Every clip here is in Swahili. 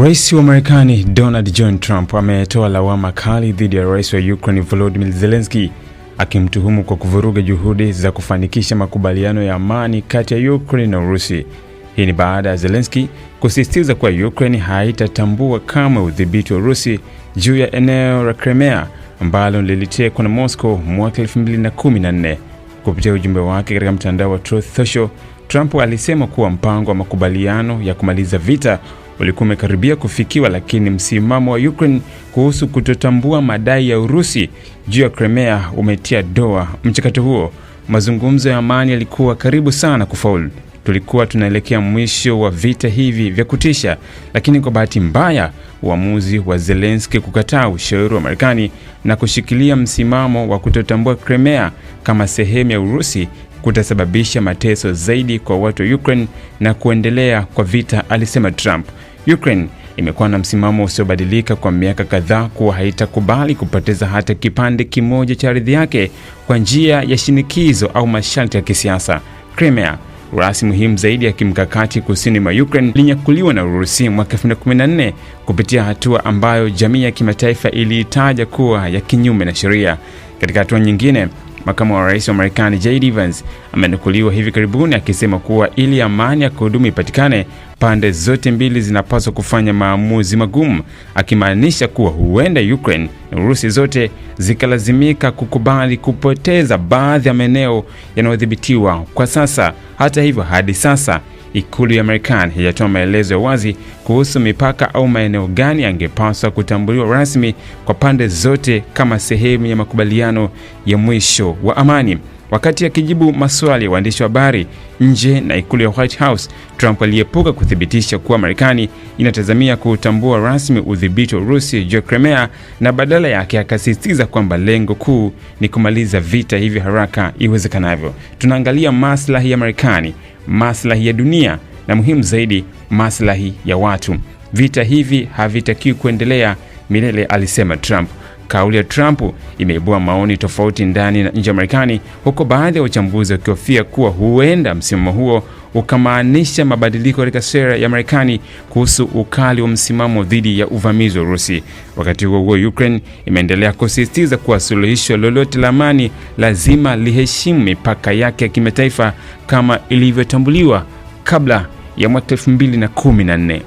Rais wa Marekani Donald John Trump ametoa lawama kali dhidi ya Rais wa Ukraine Volodymyr Zelensky akimtuhumu kwa kuvuruga juhudi za kufanikisha makubaliano ya amani kati ya Ukraine na Urusi. Hii ni baada ya Zelensky kusisitiza kuwa Ukraine haitatambua kamwe udhibiti wa Urusi juu ya eneo la Crimea ambalo lilitekwa na Moscow mwaka 2014. Kupitia ujumbe wake katika mtandao wa Truth Social, Trump alisema kuwa mpango wa makubaliano ya kumaliza vita ulikuwa umekaribia kufikiwa, lakini msimamo wa Ukraine kuhusu kutotambua madai ya Urusi juu ya Crimea umetia doa mchakato huo. Mazungumzo ya amani yalikuwa karibu sana kufaulu. Tulikuwa tunaelekea mwisho wa vita hivi vya kutisha, lakini kwa bahati mbaya, uamuzi wa Zelensky kukataa ushauri wa Marekani na kushikilia msimamo wa kutotambua Crimea kama sehemu ya Urusi kutasababisha mateso zaidi kwa watu wa Ukraine na kuendelea kwa vita, alisema Trump. Ukraine imekuwa na msimamo usiobadilika kwa miaka kadhaa kuwa haitakubali kupoteza hata kipande kimoja cha ardhi yake kwa njia ya shinikizo au masharti ya kisiasa. Crimea, rasi muhimu zaidi ya kimkakati kusini mwa Ukraine, ilinyakuliwa na Urusi mwaka 2014 kupitia hatua ambayo jamii ya kimataifa iliitaja kuwa ya kinyume na sheria. Katika hatua nyingine, makamu wa rais wa Marekani JD Vance amenukuliwa hivi karibuni akisema kuwa ili amani ya kudumu ipatikane, pande zote mbili zinapaswa kufanya maamuzi magumu, akimaanisha kuwa huenda Ukraine na Urusi zote zikalazimika kukubali kupoteza baadhi ya maeneo yanayodhibitiwa kwa sasa. Hata hivyo, hadi sasa Ikulu ya Marekani haijatoa maelezo ya wazi kuhusu mipaka au maeneo gani yangepaswa kutambuliwa rasmi kwa pande zote kama sehemu ya makubaliano ya mwisho wa amani. Wakati akijibu maswali ya waandishi wa habari nje na ikulu ya White House, Trump aliepuka kuthibitisha kuwa Marekani inatazamia kutambua rasmi udhibiti wa Urusi juu ya Crimea na badala yake akasisitiza kwamba lengo kuu ni kumaliza vita hivi haraka iwezekanavyo. Tunaangalia maslahi ya Marekani, maslahi ya dunia na muhimu zaidi, maslahi ya watu. Vita hivi havitakiwi kuendelea milele, alisema Trump. Kauli ya Trump imeibua maoni tofauti ndani na nje ya Marekani, huku baadhi ya wachambuzi wakihofia kuwa huenda msimamo huo ukamaanisha mabadiliko katika sera ya Marekani kuhusu ukali wa msimamo dhidi ya uvamizi wa Urusi. Wakati huo huo, Ukraine imeendelea kusisitiza kuwa suluhisho lolote la amani lazima liheshimu mipaka yake ya kimataifa kama ilivyotambuliwa kabla ya mwaka 2014.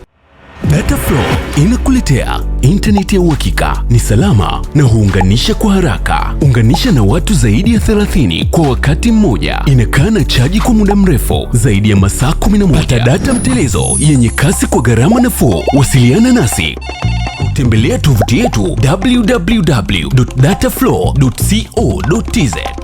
Betaflow inakuletea intaneti ya uhakika, ni salama na huunganisha kwa haraka. Unganisha na watu zaidi ya 30 kwa wakati mmoja. Inakaa na chaji kwa muda mrefu zaidi ya masaa 11. Pata data mtelezo yenye kasi kwa gharama nafuu. Wasiliana nasi tembelea tovuti yetu www.dataflow.co.tz.